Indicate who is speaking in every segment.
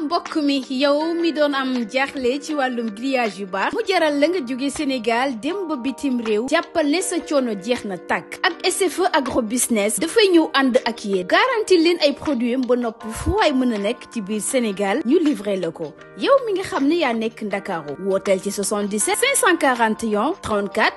Speaker 1: mbokk mi yow mi doon am jaaxle ci wàllum grillage yu baax mu jaral la nga jóge Sénégal dem ba bitim réew jàppale sa coono jeex na tàkk ak SFE agro business dafay ñëw ànd ak yéen garanti leen ay produit am ba nopp fu waay mën a nekk ci biir Sénégal ñu livré la ko yow mi nga xam ne yaa nekk Ndakaaru wooteel ci 77 541 34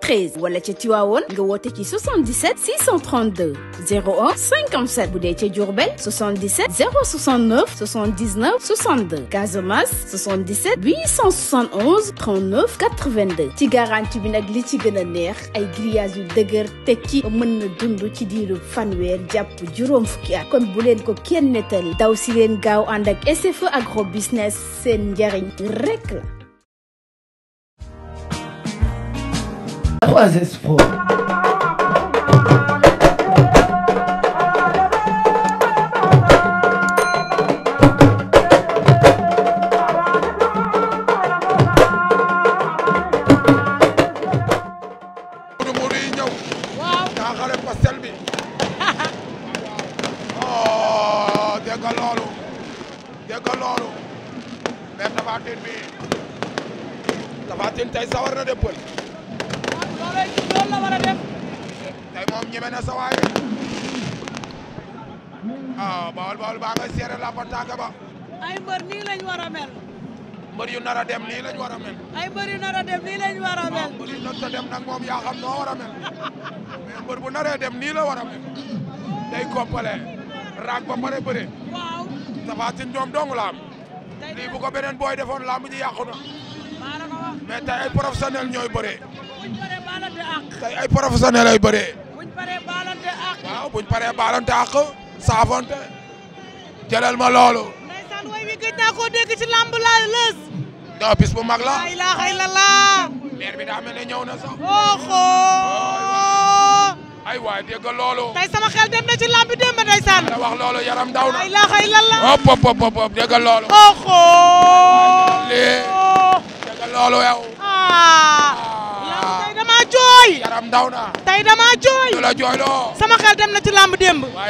Speaker 1: 13 wala ca Tiwaawoon nga woote ci 77 632 01 57 bu dee ca Diourbel 77 069 79. 59 62 Casamance 77 871 39 82 ci garantie bi nag li ci gën a neex ay grillage yu dëgër te ci mën na dund ci diiru fanweer jàpp juróom fukki at kon bu leen ko kenn nettali daw si leen gaaw ànd ak SFE agro business seen njariñ rek
Speaker 2: que loolu mais Tapha Tine bi Tapha Tine tey sawar na de pël. la war a def. moom ñeme na sa waay ah bawol baa ngay seere la ba. ay mbër nii lañ war mel. mbër yu nar a dem nii lañ war a mel. ay mbër yu nar a dem nii lañ war mel. mbër yu nar a dem nag moom yaa mel mbër bu naree dem nii la war mel day koppale raag ba pare bëre. Tapha Tine ñoom dong la am lii bu ko beneen booy defoon lamb ji yàqu na mais tey ay professionnel ñooy bëree tey ay professionnel ay bëree waaw buñ paree baalante àq saafonte jëlal ma loolu
Speaker 3: ndeysaan bis bu mag la la ilaha illallah leer bi daa mel ne ñëw na ay waay dégg loolu tey dem na ci lamb bi démb ndeysaan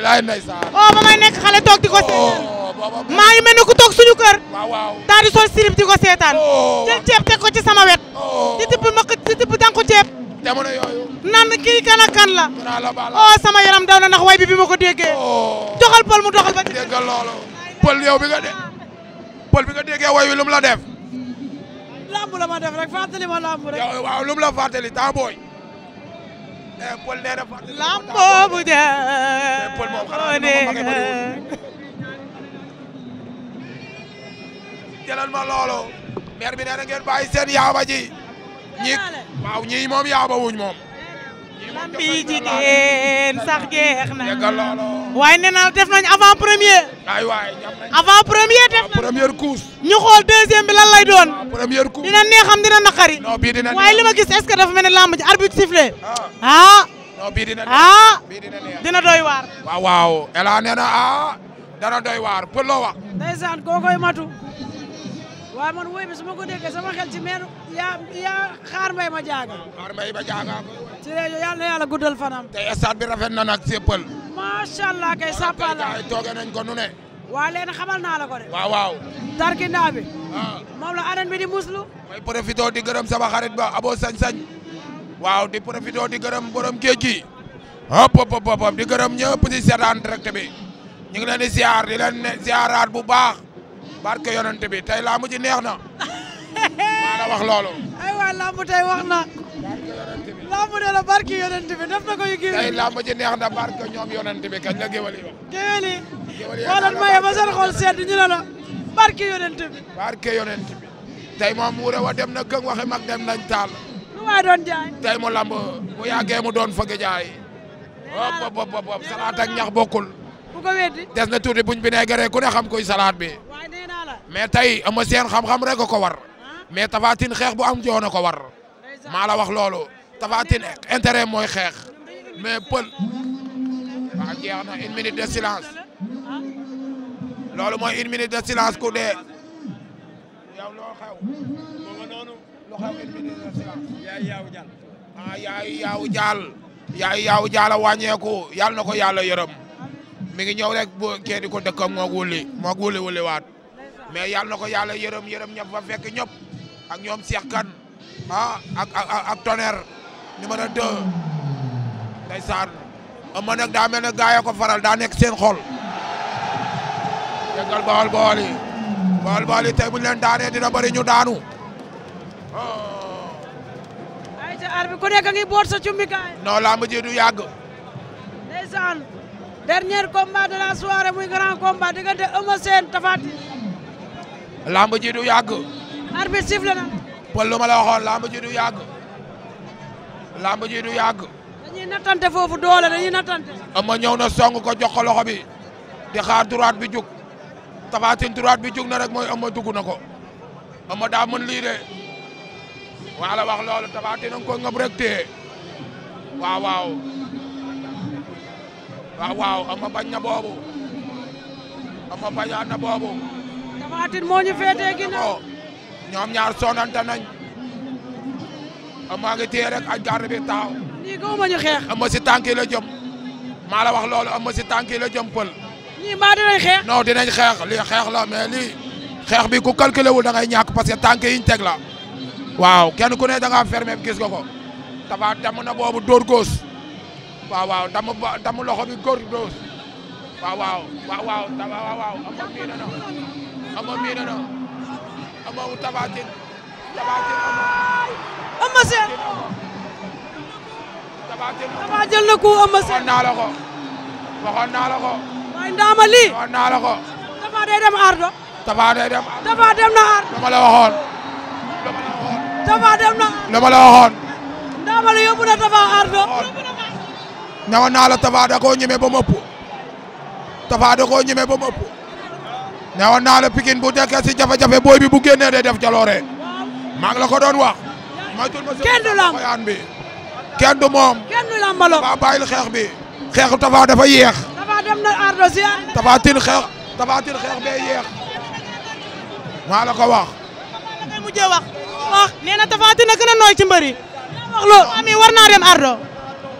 Speaker 3: la ba may nekk xale toog di oh, seetaan maa ngi mel toog suñu kër di sol sirip di seetaan oh. jël ceeb teg ci sama wet oh. di tibb mak di tibb dànku ceeb mi kii kan la oh sama yaram daw na way bi bi ko déggee doxal oh. pël mu doxal ba déggal loolu pël yow bi de pël bi nga déggee wi lu la def
Speaker 2: lamb ma def rek fàttali ma lamb rek yow waaw lu eh, eh, ma loolu maire bi nee na ngeen bàyyi yaaba ji
Speaker 3: ñi waaw ñii moom yaaba wuñ moom lambi jigéen sax jeex na waaye nee naa def nañ avant premier. avant premier def nañ première course. ñu xool deuxième bi lan lay doon. première course dina neexam dina naqari. non bii dina waaye li ma gis est-ce que dafa mel ne lamb ji arbitre sifflé. ah,
Speaker 2: ah. bii dina ah
Speaker 3: dina doy waar.
Speaker 2: waaw waaw
Speaker 3: El Hadj nee na ah, dana doy waar pour loo wax. ndeysaan koo matu.
Speaker 1: waaw man woy bi su ma ko déggee sama xel ci meen yaa yaa xaar ma jaaga. xaar mbay na yàlla guddal fanam.
Speaker 3: tey stade bi rafet na
Speaker 1: nag séppal. macha allah kay la ay tooge ko nu ne. waa leen xamal naa la ko de. waaw waaw. tarkindaa bi. Ah. moom la arène bi di muslu.
Speaker 2: may profité di gërëm sama xarit ba abo sañ-sañ. waaw di profité di gërëm borom géej gi. hop bu baax. barke yonent bi tey ji neex na.
Speaker 3: maa la wax loolu. ay waa
Speaker 2: lamb tey wax na. barke yonent barke yonent def na ko yu yi wax. yi. géwél yi xoolal maye ba seen xol sedd ñu ne barke yonent barke yonent bi moom wuure wa dem na këng waxi mag dem nañ taal. lu waay doon jaay. tey mu lamb bu yàggee mu doon fëgg jaay. waaw ñax bokkul. bu ko weddi des na tuuti buñ bi ne gëree ku ne xam kuy salaat bi. mais tey ama seen xam-xam rek ko war mais Tapha xeex bu am joona ko war maa la wax loolu Tapha Tine intérêt mooy xeex mais pël waaw jeex na une minute de silence loolu mooy une minute de silence ku de silence yaay yaaw jàll ah yaay yaaw jàll yaay yaaw jàll a wàññeeku yàlla na ko yàlla yërëm mi ngi ñëw rek bu kee ko dëkkam moog wulli moog wulli wulli mais yàlla na ko yàlla yërëm yërëm ñëpp fa fekk ñëpp ak ñoom Cheikh Kane ah, ak ak ak tonnerre numéro 2 ndeysaan ama nag ko faral daa nekk seen xol déggal bawal bawal yi bawal bawal daanee dina bëri ñu daanu oh. ay ca arbi ku nekk ngi boot sa cumbikaay non lamb ji du yàgg
Speaker 1: ndeysaan dernier combat de la soirée muy grand combat diggante Eumeu Sène
Speaker 2: làmb ji du yàgg. arbitre sifflé na. Paul lu ma la waxoon làmb ji du yàgg. làmb ji du yàgg. dañuy nattante foofu doole dañuy nattante. ama na song ko jox ko loxo bi di xaar droite bi jug tafatin droite bi jug na rek mooy ama dugg na ko ama daa mën lii de la wax loolu tafatin na nga ko rek téye waaw waaw waaw waaw na boobu ama bañaat na boobu. Tapha Tine moo ñu féetee ginnaaw oh, ñoom ñaar sonante nañ maa ngi téye rek ak garde bi taaw ñii gaw ma ñu xeex ama si tànk yi la jëm maa wax loolu a si tànk yi la jëm pël ñii maa dinañ xeex non dinañ xeex lii xeex la mais lii xeex bi ku calculé wul da ngay ñàkk parce que tànk waaw kenn ku ne da ngaa fermé gis nga ko Tapha damm na boobu dóor góos waaw waaw damm loxo bi góor góos waaw waaw waaw waaw waaw waaw am na ama miina na ama wu tabaatin tabaatin ama. ama seen tabaatin ama. ama jël na ku ama seen. waxoon naa la ko waxoon naa la ko. waaye ndaama lii. waxoon naa la ko. Tapha day dem Ardo. Tapha day dem Ardo. Tapha dem na Ardo. dama la waxoon. dama la waxoon. Tapha dem na. dama la waxoon. ndaama lii yóbbu na Tapha Ardo. ñëwoon naa la Tapha da koo ñemee ba mu ëpp. Tapha da koo ñemee ba mu ëpp. ne naa la Pikine bu dekkee si jafe-jafe booy bi bu génnee day def jaloore maa ngi la ko doon wax. moytul ma kenn du lamb xayaan bi kenn du moom. kenn du xeex bi. xeexu Tapha dafa yéex.
Speaker 3: Tapha dem na ardo si Tapha xeex Tapha Tine xeex bee yéex maa la ko wax. ngay mujjee wax na Tapha a nooy ci mbëri ami war naa dem ardo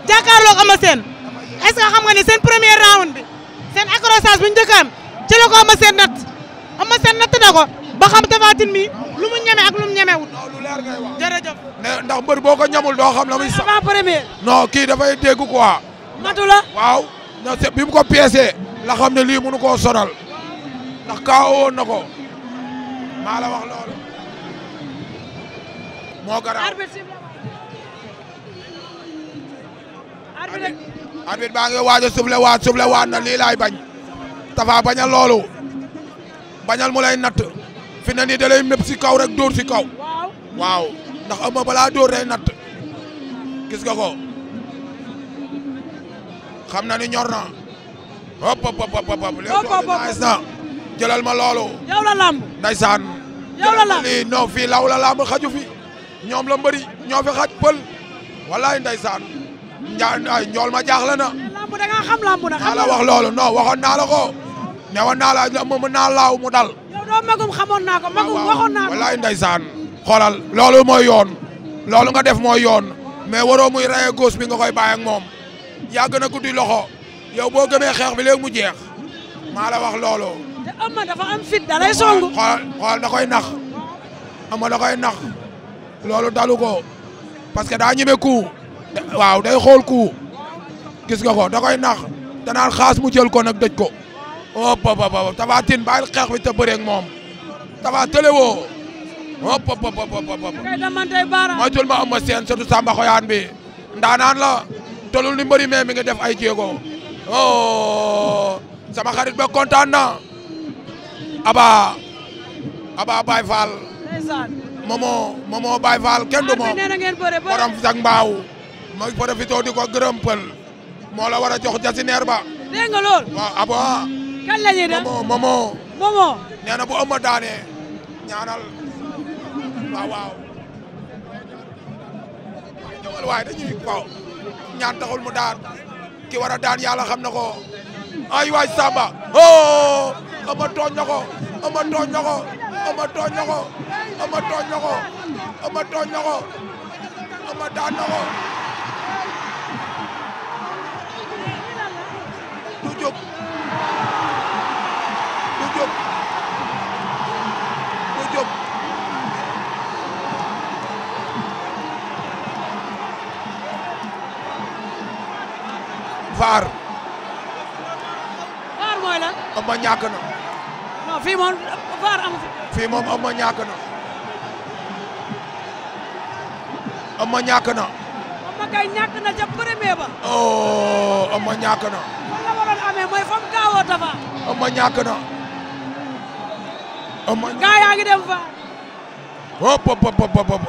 Speaker 3: jàkkaarloog ama seen est xam nga ni seen premier round bi seen accrochage bu njëkk ci la ko ama seen nat Eumeu Sène na ko ba xam Tapha Tine ñeme ak lu mu ñemewut.
Speaker 2: ndax mbër boo ko ñamul doo xam la muy sax. kii dafay dégg quoi. waaw. non ko piécé la xam ne lii mënu koo sonal ndax kaawoo woon ko maa wax loolu moo garaaw. arbitre baa ngi waaj a soufflé waat soufflé waat na lii laay bañ Tapha bañ loolu. bañal mu natt fi na ni da lay kaw rek dóor si kaw waaw ndax Eumeu balaa dóor day natt gis nga ko xam na ni ñor na hop hop hop hop léegi na jëlal ma loolu. yow la làmb. ndaysaan. yow la làmb lii non fii law la làmb xaju fi ñoom la mbëri ñoo fi xaj pël wallaay ndaysaan. njaa njool ma jaaxle na. làmb wax loolu non waxoon naa ko. newoon naa la la mën naa laaw mu dal. yow doo magum xamoon naa ko magum loolu mooy yoon loolu nga def mooy yoon mais waroo muy rayé góos bi nga koy bàyyi moom yàgg na guddi loxo yow boo gëmee xeex bi léegi mu jeex maa la wax loolu. te Ama dafa am fit da lay songu. xoolal xoolal dalu ko parce que daa ñeme ku waaw day xool ku gis nga ko da koy nax danaan xaas mu jël ko nag dëj ko. hop hop hop Tapha Tine bàyyi xeex bi te bëree moom Tapha tële woo hop hop ma am seen surtout Samba Xoyaan bi ndaanaan la tolul ni mbëri mais mi ngi def ay jéego oh sama xarit ba kontaan na Aba Aba Baye Fall. Momo Momo Baye Fall kenn du moom borom sax mbaaw ma profité di ko gërëm pël moo la war a jox jasineer ba. abo ah. kan la ñuy def momo momo. bu ëmb daanee ñaanal waaw waaw. ñëwal waaye dañuy waaw ñaan taxul mu daan ki war daan yàlla xam na ko ay waay Samba oh ëmb tooñ na ko ëmb tooñ na ko ëmb tooñ na ko ëmb tooñ na ko ëmb tooñ na ko ëmb daan na ko. Diop Go Diop Faar. Faar mooy lan. am ma ñàkk na. non Faar fi. fii moom am ma ñàkk na.
Speaker 1: kay ñàkk na ca premier ba.
Speaker 2: oh am ma ñàkk
Speaker 1: amee mooy fam kaawoo Tapha.
Speaker 2: am ma ñàkk ama gaa yaa ngi fa hop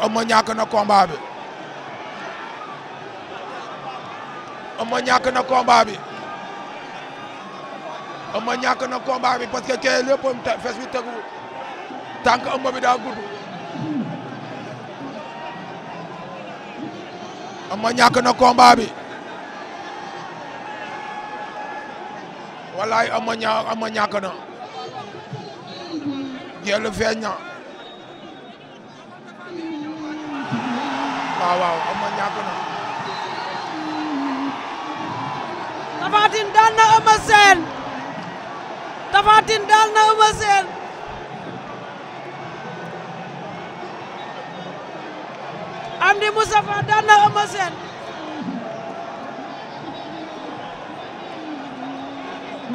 Speaker 2: ama ñàkk na combat ama ñàkk na combat bi ñàkk na combat bi parce que kee léppam fes tegu tànk ama bi daa gudd ama ñàkk na combat bi wallaay ama ñaa ama ñàkk jël feeñ na waaw waaw xam nga ñàkk na.
Speaker 1: Tapha Tine daal na Eumeu Sène Tapha Tine daal na Eumeu Sène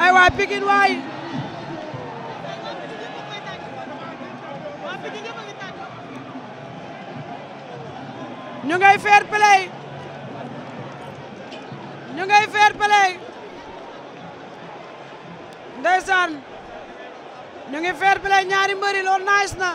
Speaker 1: ay waay Pikine waay ñu ngay fair play ñu ngay fair play ndeysaan ñu ngi fair play ñaari mbëri loolu nice na